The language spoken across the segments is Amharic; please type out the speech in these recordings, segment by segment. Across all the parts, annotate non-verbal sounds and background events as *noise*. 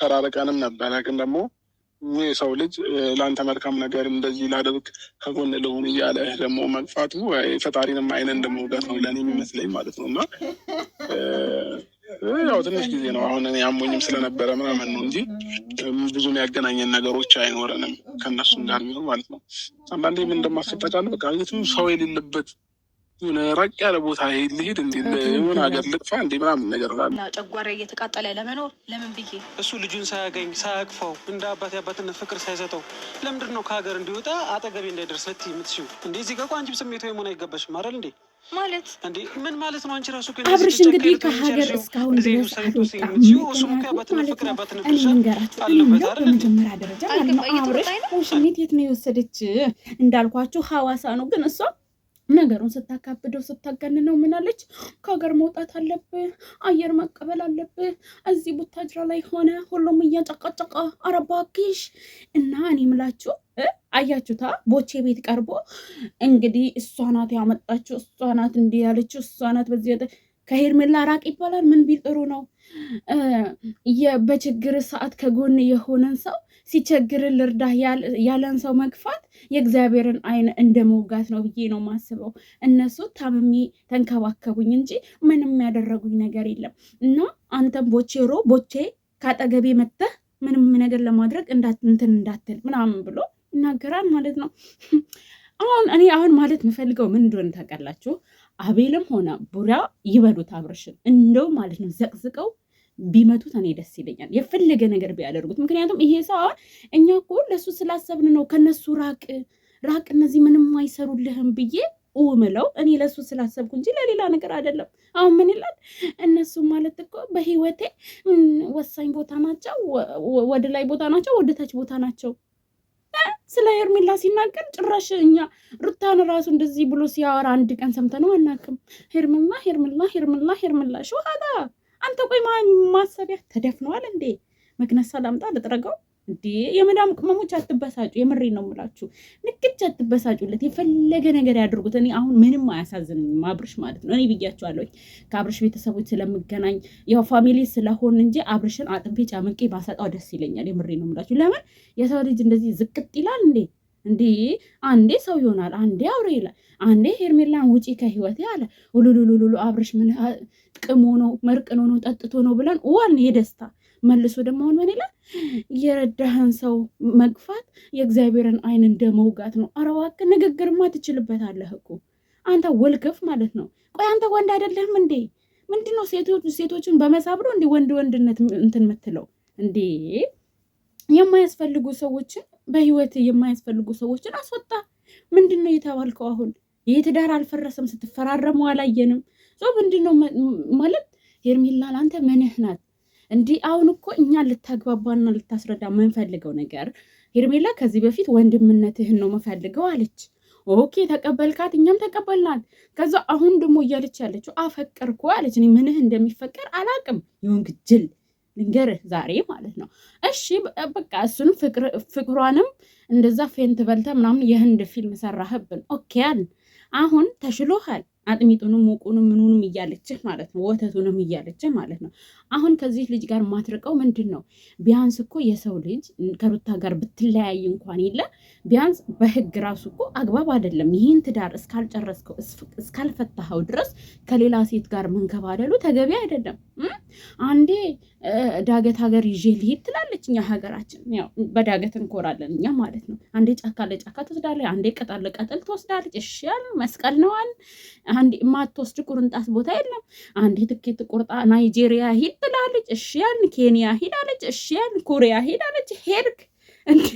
ተራርቀንም ነበረ። ግን ደግሞ ይህ ሰው ልጅ ለአንተ መልካም ነገር እንደዚህ ላደርግ ከጎን ልሁን እያለ ደግሞ መግፋቱ ፈጣሪንም አይነ እንደመውጋት ነው ለእኔ የሚመስለኝ ማለት ነው። እና ያው ትንሽ ጊዜ ነው አሁን እኔ አሞኝም ስለነበረ ምናምን ነው እንጂ ብዙ ያገናኘን ነገሮች አይኖረንም ከእነሱም ጋር የሚሆን ማለት ነው። አንዳንዴ ምን እንደማስጠቃል በቃ የትም ሰው የሌለበት ሆነ ራቅ ያለ ቦታ ይሄድ ልሄድ እንዴ የሆነ ሀገር ልጥፋ እንዲ ምናምን ነገር ላ ጨጓራ እየተቃጠለ ለመኖር ለምን ብዬ እሱ ልጁን ሳያገኝ ሳያቅፈው እንደ አባት የአባትነት ፍቅር ሳይሰጠው ለምንድን ነው ከሀገር እንዲወጣ አጠገቤ እንዳይደርስ ልት የምትሽው እንዴ? እዚህ ገቋ እኮ አንቺም ስሜት ወይ መሆን አይገባሽም አይደል እንዴ? ማለት እንዴ ምን ማለት ነው? አንቺ ራሱ አብርሽ እንግዲህ ከሀገር እስካሁን ድረስ አልወጣም። በመጀመሪያ ደረጃ ያለው አብርሽ ሽሜት የት ነው የወሰደች እንዳልኳችሁ ሀዋሳ ነው ግን እሷ ነገሩን ስታካብደው ስታገንነው ምናለች ከሀገር መውጣት አለብህ፣ አየር መቀበል አለብህ። እዚህ ቡታጅራ ላይ ሆነ ሁሉም እያጨቃጨቃ አረባኪሽ እና እኔ ምላችሁ አያችሁታ ቦቼ ቤት ቀርቦ እንግዲህ እሷ ናት ያመጣችሁ፣ እሷ ናት እንዲህ ያለችው፣ እሷ ናት በዚህ ከሄርሜላ ራቅ ይባላል። ምን ቢል ጥሩ ነው? በችግር ሰዓት ከጎን የሆነን ሰው ሲቸግር ልርዳህ ያለን ሰው መግፋት የእግዚአብሔርን ዓይን እንደ መውጋት ነው ብዬ ነው ማስበው። እነሱ ታምሜ ተንከባከቡኝ እንጂ ምንም ያደረጉኝ ነገር የለም እና አንተም ቦቼሮ ቦቼ ከአጠገቤ መጥተህ ምንም ነገር ለማድረግ እንትን እንዳትል ምናምን ብሎ ይናገራል ማለት ነው። አሁን እኔ አሁን ማለት የምፈልገው ምን እንደሆነ ታውቃላችሁ? አቤልም ሆነ ቡራ ይበሉት አብርሽን እንደው ማለት ነው ዘቅዝቀው ቢመቱት እኔ ደስ ይለኛል። የፈለገ ነገር ቢያደርጉት። ምክንያቱም ይሄ ሰው አሁን እኛ እኮ ለሱ ስላሰብን ነው ከነሱ ራቅ ራቅ፣ እነዚህ ምንም አይሰሩልህም ብዬ ውምለው እኔ ለሱ ስላሰብኩ እንጂ ለሌላ ነገር አይደለም። አሁን ምን ይላል እነሱ ማለት እኮ በህይወቴ ወሳኝ ቦታ ናቸው፣ ወደ ላይ ቦታ ናቸው፣ ወደ ታች ቦታ ናቸው ስለ ሄርሜላ ሲናገር ጭራሽ እኛ ሩታን ራሱ እንደዚህ ብሎ ሲያወራ አንድ ቀን ሰምተነው አናውቅም። ሄርሜላ ሄርሜላ ሄርሜላ ሄርሜላ ሸኋላ አንተ ቆይ ማሰቢያ ተደፍነዋል እንዴ? መክነሳ ላምጣ ልጥረገው እንዴ የመዳም ቅመሞች አትበሳጩ። የምሬ ነው የምላችሁ፣ ንክች አትበሳጩለት። የፈለገ ነገር ያድርጉት። እኔ አሁን ምንም አያሳዝንኝም አብርሽ ማለት ነው። እኔ ብያቸዋለሁ ከአብርሽ ቤተሰቦች ስለምገናኝ ያው ፋሚሊ ስለሆን እንጂ አብርሽን አጥቤ ጫምቄ ባሰጣው ደስ ይለኛል። የምሬ ነው የምላችሁ። ለምን የሰው ልጅ እንደዚህ ዝቅጥ ይላል እንዴ? እንዴ አንዴ ሰው ይሆናል፣ አንዴ አውሬ ይላል፣ አንዴ ሄርሜላን ውጪ ከህይወት አለ ውሉሉሉሉ አብርሽ ምን ቅሞ ነው መርቅኖ ነው ጠጥቶ ነው ብለን ዋን የደስታ መልሶ ደግሞ አሁን ምን ይላል? የረዳህን ሰው መግፋት የእግዚአብሔርን አይን እንደ መውጋት ነው። አረዋክ ንግግርማ ትችልበታለህ እኮ አንተ ወልገፍ ማለት ነው። ቆይ አንተ ወንድ አይደለህም እንዴ? ምንድን ነው ሴቶች ሴቶችን በመሳብ ነው እንዴ ወንድ ወንድነት እንትን የምትለው እንዴ? የማያስፈልጉ ሰዎችን በህይወት የማያስፈልጉ ሰዎችን አስወጣ። ምንድን ነው የተባልከው? አሁን የትዳር አልፈረሰም ስትፈራረሙ አላየንም። ሰው ምንድን ነው ማለት ሄርሜላን አንተ ምንህ ናት? እንዲህ አሁን እኮ እኛ ልታግባባና ልታስረዳ የምንፈልገው ነገር ሄርሜላ ከዚህ በፊት ወንድምነትህን ነው የምፈልገው አለች። ኦኬ ተቀበልካት፣ እኛም ተቀበልናት። ከዛ አሁን ደግሞ እያለች ያለችው አፈቀርኩ አለች። እኔ ምንህ እንደሚፈቀር አላቅም። ይሁን ግጅል ልንገርህ ዛሬ ማለት ነው። እሺ በቃ እሱንም ፍቅሯንም እንደዛ ፌንት በልተ ምናምን የህንድ ፊልም ሰራህብን። ኦኬያን አሁን ተሽሎሃል። አጥሚጡንም ሙቁንም ምኑንም እያለችህ ማለት ነው፣ ወተቱንም እያለችህ ማለት ነው። አሁን ከዚህ ልጅ ጋር ማትርቀው ምንድን ነው? ቢያንስ እኮ የሰው ልጅ ከሩታ ጋር ብትለያይ እንኳን የለ ቢያንስ በህግ ራሱ እኮ አግባብ አይደለም። ይህን ትዳር እስካልጨረስከው እስካልፈታኸው ድረስ ከሌላ ሴት ጋር መንከባለሉ ተገቢ አይደለም። አንዴ ዳገት ሀገር ይዤ ልሄድ ትላለች። እኛ ሀገራችን ያው በዳገት እንኮራለን እኛ ማለት ነው። አንዴ ጫካ ለጫካ ትወስዳለች፣ አንዴ ቅጠል ለቅጠል ትወስዳለች። እሺ መስቀል ነዋል። አንዴ ማትወስድ ቁርንጣት ቦታ የለም። አንዴ ትኬት ቁርጣ ናይጄሪያ ሂድ ትላለች። እሺ ያል ኬንያ ሂዳለች። አለች። እሺ ያል ኮሪያ ሂዳለች። ሄድክ እንዴ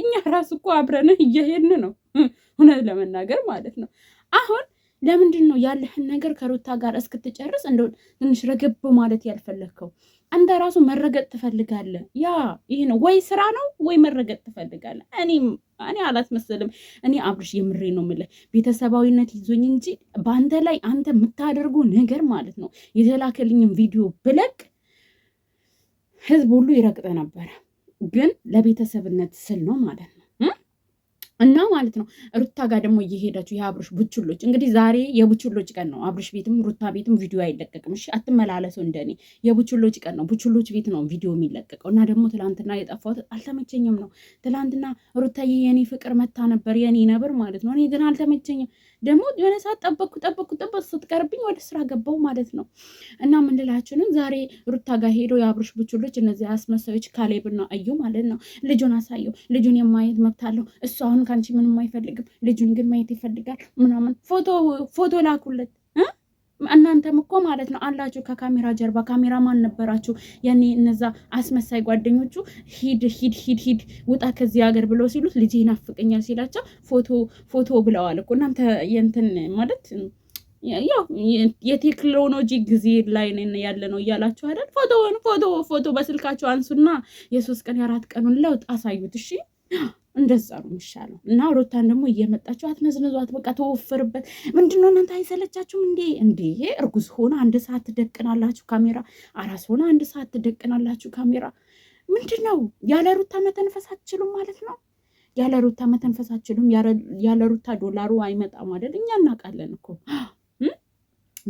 እኛ ራሱ እኮ አብረን እየሄድን ነው፣ እውነት ለመናገር ማለት ነው አሁን ለምንድን ነው ያለህን ነገር ከሩታ ጋር እስክትጨርስ እንደ ትንሽ ረገብ ማለት ያልፈለግከው? አንተ ራሱ መረገጥ ትፈልጋለህ። ያ ይሄ ነው ወይ ስራ ነው ወይ መረገጥ ትፈልጋለህ። እኔ እኔ አላስመሰልም። እኔ አብርሽ የምሬ ነው የምልህ ቤተሰባዊነት ይዞኝ እንጂ በአንተ ላይ አንተ የምታደርጉ ነገር ማለት ነው የተላከልኝም ቪዲዮ ብለቅ ህዝብ ሁሉ ይረግጠ ነበረ። ግን ለቤተሰብነት ስል ነው ማለት ነው እና ማለት ነው ሩታ ጋር ደግሞ እየሄዳችሁ የአብርሽ ቡችሎች፣ እንግዲህ ዛሬ የቡችሎች ቀን ነው። አብርሽ ቤትም ሩታ ቤትም ቪዲዮ አይለቀቅም። እሺ አትመላለሱ እንደኔ። የቡችሎች ቀን ነው። ቡችሎች ቤት ነው ቪዲዮ የሚለቀቀው። እና ደግሞ ትላንትና የጠፋሁት አልተመቸኝም ነው። ትላንትና ሩታዬ የኔ ፍቅር መታ ነበር የኔ ነብር ማለት ነው። እኔ ግን አልተመቸኝም ደግሞ የሆነ ሰዓት ጠበቅኩ ጠበቅኩ ጠበቅ ስትቀርብኝ ወደ ስራ ገባው ማለት ነው። እና ምን ዛሬ ሩታ ጋር ሄዶ የአብርሽ ብችሎች እነዚህ አስመሳዮች ካሌብና አዩ ማለት ነው ልጁን አሳየው። ልጁን የማየት መብት አለው እሱ አሁን ከአንቺ ምንም አይፈልግም። ልጁን ግን ማየት ይፈልጋል ምናምን ፎቶ ላኩለት እናንተም እኮ ማለት ነው አላችሁ ከካሜራ ጀርባ ካሜራ ማን ነበራችሁ? ያኔ እነዛ አስመሳይ ጓደኞቹ ሂድ ሂድ ሂድ ሂድ ውጣ ከዚህ ሀገር ብለው ሲሉት ልጅ ይናፍቀኛል ሲላቸው ፎቶ ፎቶ ብለዋል እኮ እናንተ የንትን ማለት ያው የቴክኖሎጂ ጊዜ ላይ ያለ ነው እያላችሁ አይደል? ፎቶ ፎቶ ፎቶ በስልካችሁ አንሱና የሶስት ቀን የአራት ቀኑን ለውጥ አሳዩት እሺ። እንደዛ ነው የሚሻለው። እና ሮታን ደግሞ እየመጣችሁ አትነዝነዟት፣ በቃ ተወፍርበት። ምንድነው እናንተ አይሰለቻችሁም እንዴ? እንዴ እርጉዝ ሆና አንድ ሰዓት ትደቅናላችሁ ካሜራ፣ አራስ ሆና አንድ ሰዓት ትደቅናላችሁ ካሜራ። ምንድን ነው ያለ ሩታ መተንፈስ አትችሉም ማለት ነው። ያለ ሩታ መተንፈስ አትችሉም። ያለ ሩታ ዶላሩ አይመጣም አይደል? እኛ እናውቃለን እኮ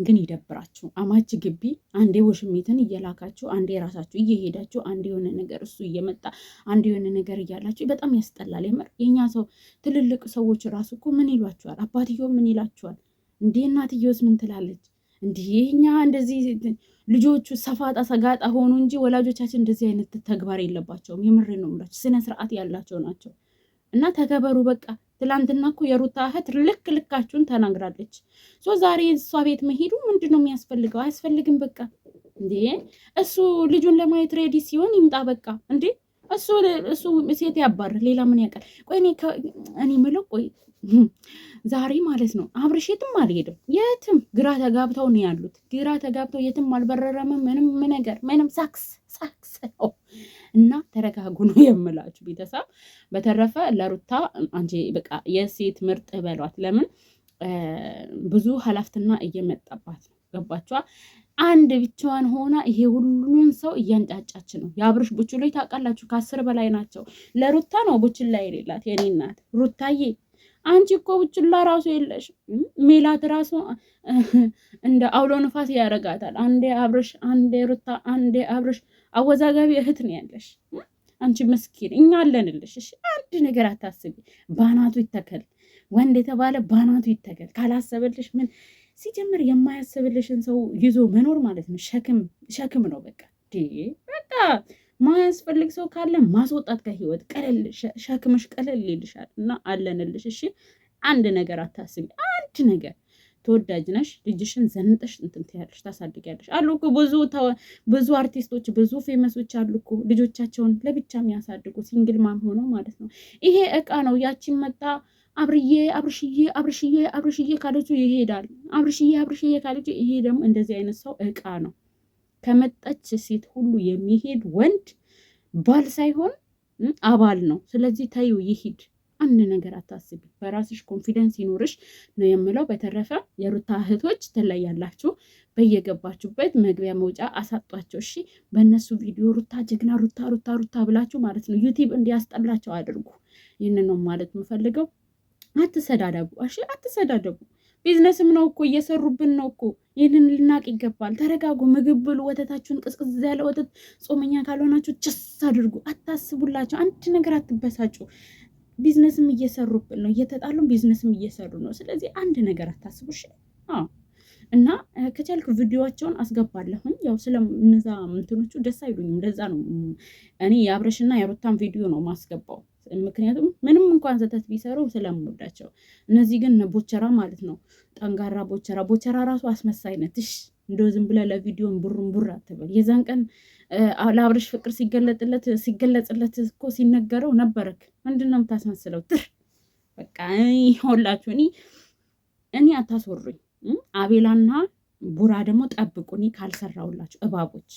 ግን ይደብራችሁ። አማች ግቢ አንዴ ወሽሚትን እየላካችሁ፣ አንዴ ራሳችሁ እየሄዳችሁ፣ አንድ የሆነ ነገር እሱ እየመጣ አንድ የሆነ ነገር እያላችሁ በጣም ያስጠላል። የምር የእኛ ሰው ትልልቅ ሰዎች ራሱ እኮ ምን ይሏችኋል? አባትዮ ምን ይላችኋል? እንዲህ እናትየውስ ምን ትላለች? እንዲህ እኛ እንደዚህ ልጆቹ ሰፋጣ ሰጋጣ ሆኑ እንጂ ወላጆቻችን እንደዚህ አይነት ተግባር የለባቸውም። የምር ነው ምላቸው ስነ ስርዓት ያላቸው ናቸው እና ተከበሩ በቃ። ትላንትና እኮ የሩታ እህት ልክ ልካችሁን ተናግራለች። ሶ ዛሬ እሷ ቤት መሄዱ ምንድን ነው የሚያስፈልገው? አያስፈልግም። በቃ እንዴ እሱ ልጁን ለማየት ሬዲ ሲሆን ይምጣ። በቃ እንዴ እሱ እሱ ሴት ያባር ሌላ ምን ያውቃል? ቆይ እኔ ቆይ *laughs* ዛሬ ማለት ነው አብርሽ የትም አልሄድም፣ የትም ግራ ተጋብተው ነው ያሉት። ግራ ተጋብተው የትም አልበረረም። ምንም ነገር ምንም ሳክስ ሳክስ እና ተረጋጉ ነው የምላችሁ ቤተሰብ። በተረፈ ለሩታ አንቺ በቃ የሴት ምርጥ በሏት። ለምን ብዙ ሀላፍትና እየመጣባት ነው። ገባችኋ? አንድ ብቻዋን ሆና ይሄ ሁሉን ሰው እያንጫጫች ነው። የአብርሽ ቡችሎች ታውቃላችሁ፣ ከአስር በላይ ናቸው። ለሩታ ነው ቡችላ የሌላት የኔ እናት ሩታዬ አንቺ እኮ ውጭላ ራሱ የለሽ። ሜላት ራሱ እንደ አውሎ ንፋስ ያደርጋታል። አንዴ አብረሽ፣ አንዴ ሩታ፣ አንዴ አብረሽ። አወዛጋቢ እህት ነው ያለሽ አንቺ። ምስኪን እኛ አለንልሽ። እሺ አንድ ነገር አታስቢ። ባናቱ ይተከል ወንድ የተባለ ባናቱ ይተከል። ካላሰበልሽ ምን ሲጀምር የማያስብልሽን ሰው ይዞ መኖር ማለት ነው ሸክም ሸክም ነው በቃ በቃ ማያስፈልግ ሰው ካለ ማስወጣት ከህይወት ቀለል ሸክምሽ ቀለል ይልሻል እና አለንልሽ። እሺ አንድ ነገር አታስቢ። አንድ ነገር ተወዳጅ ነሽ። ልጅሽን ዘንጠሽ እንትን ትያለሽ ታሳድጊያለሽ። አሉ እኮ ብዙ ብዙ አርቲስቶች ብዙ ፌመሶች አሉ እኮ ልጆቻቸውን ለብቻ የሚያሳድጉ ሲንግል ማም ሆነው ማለት ነው። ይሄ እቃ ነው። ያቺን መጣ አብርዬ አብርሽዬ አብርሽዬ አብርሽዬ ካለችው ይሄዳል። አብርሽዬ አብርሽዬ ካለችው ይሄ ደግሞ እንደዚህ አይነት ሰው እቃ ነው። ከመጣች ሴት ሁሉ የሚሄድ ወንድ ባል ሳይሆን አባል ነው። ስለዚህ ታዩ ይሂድ። አንድ ነገር አታስቢ። በራስሽ ኮንፊደንስ ይኖርሽ ነው የምለው። በተረፈ የሩታ እህቶች ትለያላችሁ። በየገባችሁበት መግቢያ መውጫ አሳጧቸው። እሺ፣ በእነሱ ቪዲዮ ሩታ ጀግና፣ ሩታ ሩታ ሩታ ብላችሁ ማለት ነው ዩቲብ እንዲያስጠላቸው አድርጉ። ይህን ነው ማለት የምፈልገው። አትሰዳደቡ፣ እሺ፣ አትሰዳደቡ። ቢዝነስም ነው እኮ እየሰሩብን ነው እኮ። ይህንን ልናቅ ይገባል። ተረጋጉ፣ ምግብ ብሉ፣ ወተታችሁን ቅዝቅዝ ያለ ወተት፣ ጾመኛ ካልሆናችሁ ጭስ አድርጉ። አታስቡላቸው፣ አንድ ነገር አትበሳጩ። ቢዝነስም እየሰሩብን ነው፣ እየተጣሉ ቢዝነስም እየሰሩ ነው። ስለዚህ አንድ ነገር አታስቡ እና ከቻልክ ቪዲዮቸውን አስገባለሁኝ። ያው ስለ እነዛ ደስ አይሉኝም። ለዛ ነው እኔ የአብረሽና የሩታን ቪዲዮ ነው ማስገባው። ምክንያቱም ምንም እንኳን ስህተት ቢሰሩ ስለምወዳቸው። እነዚህ ግን ቦቸራ ማለት ነው፣ ጠንጋራ ቦቸራ። ቦቸራ ራሱ አስመሳይ ነት። እሺ እንደው ዝም ብለህ ለቪዲዮን ቡሩን ቡር አትበል። የዛን ቀን ለአብረሽ ፍቅር ሲገለጥለት ሲገለጽለት እኮ ሲነገረው ነበረክ። ምንድን ነው የምታስመስለው? ትር በቃ ሁላችሁ እኔ እኔ አታስወሩኝ። አቤላና ቡራ ደግሞ ጠብቁ፣ እኔ እባቦች